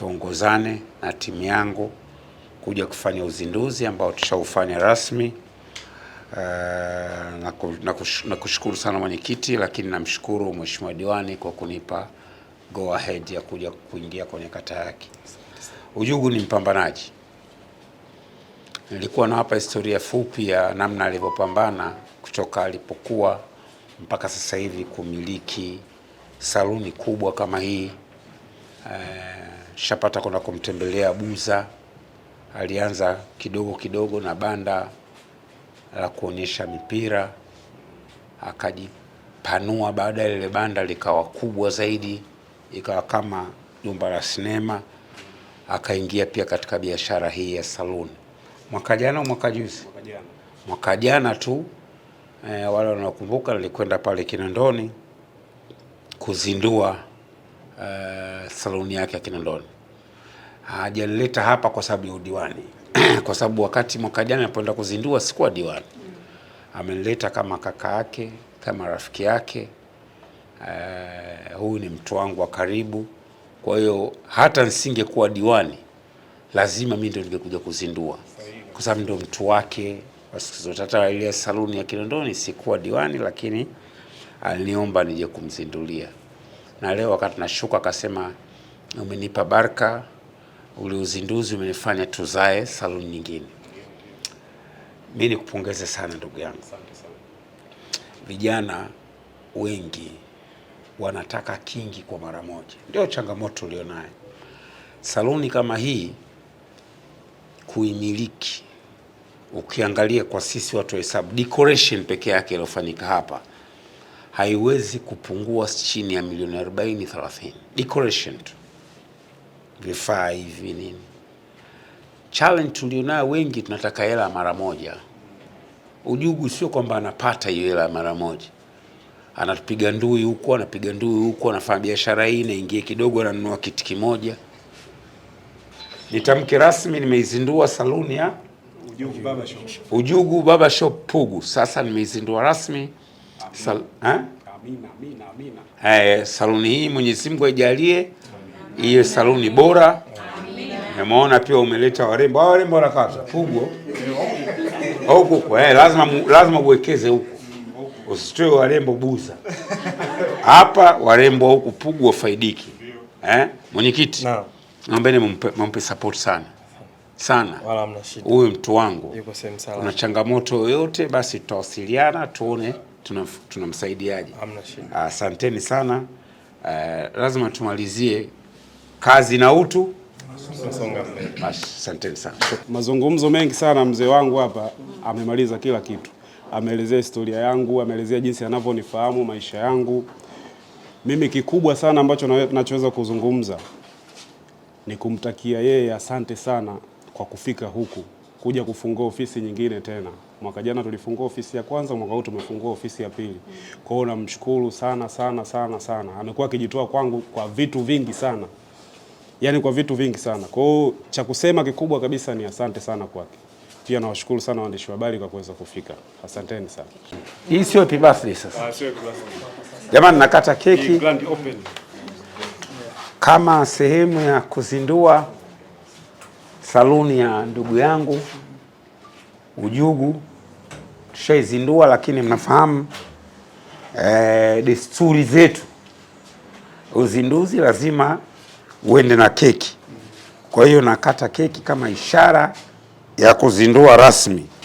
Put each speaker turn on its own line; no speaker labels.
tuongozane na timu yangu kuja kufanya uzinduzi ambao tushaufanya rasmi. Uh, na, na, kush, na kushukuru sana mwenyekiti, lakini namshukuru mheshimiwa diwani kwa kunipa go ahead ya kuja kuingia kwenye kata yake. Ujugu ni mpambanaji. Nilikuwa hapa historia fupi ya namna alivyopambana kutoka alipokuwa mpaka sasa hivi kumiliki saluni kubwa kama hii uh, shapata kwenda kumtembelea Buza, alianza kidogo kidogo na banda la kuonyesha mipira, akajipanua. Baada ya lile banda likawa kubwa zaidi, ikawa kama jumba la sinema, akaingia pia katika biashara hii ya saluni mwaka jana au mwaka juzi, mwaka jana tu. eh, wale wanaokumbuka nilikwenda pale Kinondoni kuzindua Eh, saluni yake ya Kinondoni. Hajaleta hapa kwa sababu ya udiwani kwa sababu wakati mwaka jana alipoenda kuzindua sikuwa diwani, amenileta kama kaka yake, kama rafiki yake. Uh, huyu ni mtu wangu wa karibu, kwa hiyo hata nisingekuwa diwani lazima mimi ndio ningekuja kuzindua kwa sababu ndio mtu wake. Hata ile saluni ya Kinondoni sikuwa diwani, lakini aliniomba nije kumzindulia na leo wakati nashuka akasema, umenipa baraka ule uzinduzi, umenifanya tuzae saluni nyingine. Mimi nikupongeze sana ndugu yangu. Vijana wengi wanataka kingi kwa mara moja, ndio changamoto ulionayo. Saluni kama hii kuimiliki, ukiangalia kwa sisi watu wa hesabu, decoration peke yake iliyofanyika hapa haiwezi kupungua chini ya milioni 40 30, decoration tu, vifaa hivi nini. Challenge tulionayo wengi tunataka hela mara moja. Ujugu sio kwamba anapata hiyo hela mara moja, anapiga ndui huko, anapiga ndui huko, anafanya biashara hii naingie kidogo, ananunua kiti kimoja. Nitamke rasmi, nimeizindua saluni ya Ujugu Baba Shop, Ujugu Baba Shop Pugu. Sasa nimeizindua rasmi. Sal, eh?
Amina, amina, amina.
Eh, saluni hii Mwenyezi Mungu aijalie iwe saluni bora. Nimeona pia umeleta warembo, warembo wanakata fugo huko huko, eh, lazima lazima uwekeze huko, usitoe warembo buza hapa, warembo huku pugu wafaidiki. Eh, mwenyekiti, naombeni mumpe support sana sana huyu mtu wangu, una changamoto yoyote, basi tutawasiliana tuone tunamsaidiaje? Tuna ah, asanteni uh, sana uh, lazima tumalizie kazi na utu. Asanteni sana.
Mazungumzo mengi sana, mzee wangu hapa amemaliza kila kitu, ameelezea historia yangu, ameelezea jinsi anavyonifahamu maisha yangu. Mimi kikubwa sana ambacho nachoweza kuzungumza ni kumtakia yeye asante sana kwa kufika huku kuja kufungua ofisi nyingine tena. Mwaka jana tulifungua ofisi ya kwanza, mwaka huu tumefungua ofisi ya pili. Kwa hiyo namshukuru sana sana sana sana, amekuwa akijitoa kwangu kwa vitu vingi sana, yaani kwa vitu vingi sana. Kwa hiyo cha kusema kikubwa kabisa ni asante sana kwake. Pia nawashukuru sana waandishi wa habari kwa kuweza kufika, asanteni sana.
Hii sio happy birthday sasa. Ah, sio Jamani, nakata keki grand open kama sehemu ya kuzindua saluni ya ndugu yangu Ujugu tushaizindua, lakini mnafahamu e, desturi zetu, uzinduzi lazima uende na keki. Kwa hiyo nakata keki kama ishara ya kuzindua rasmi.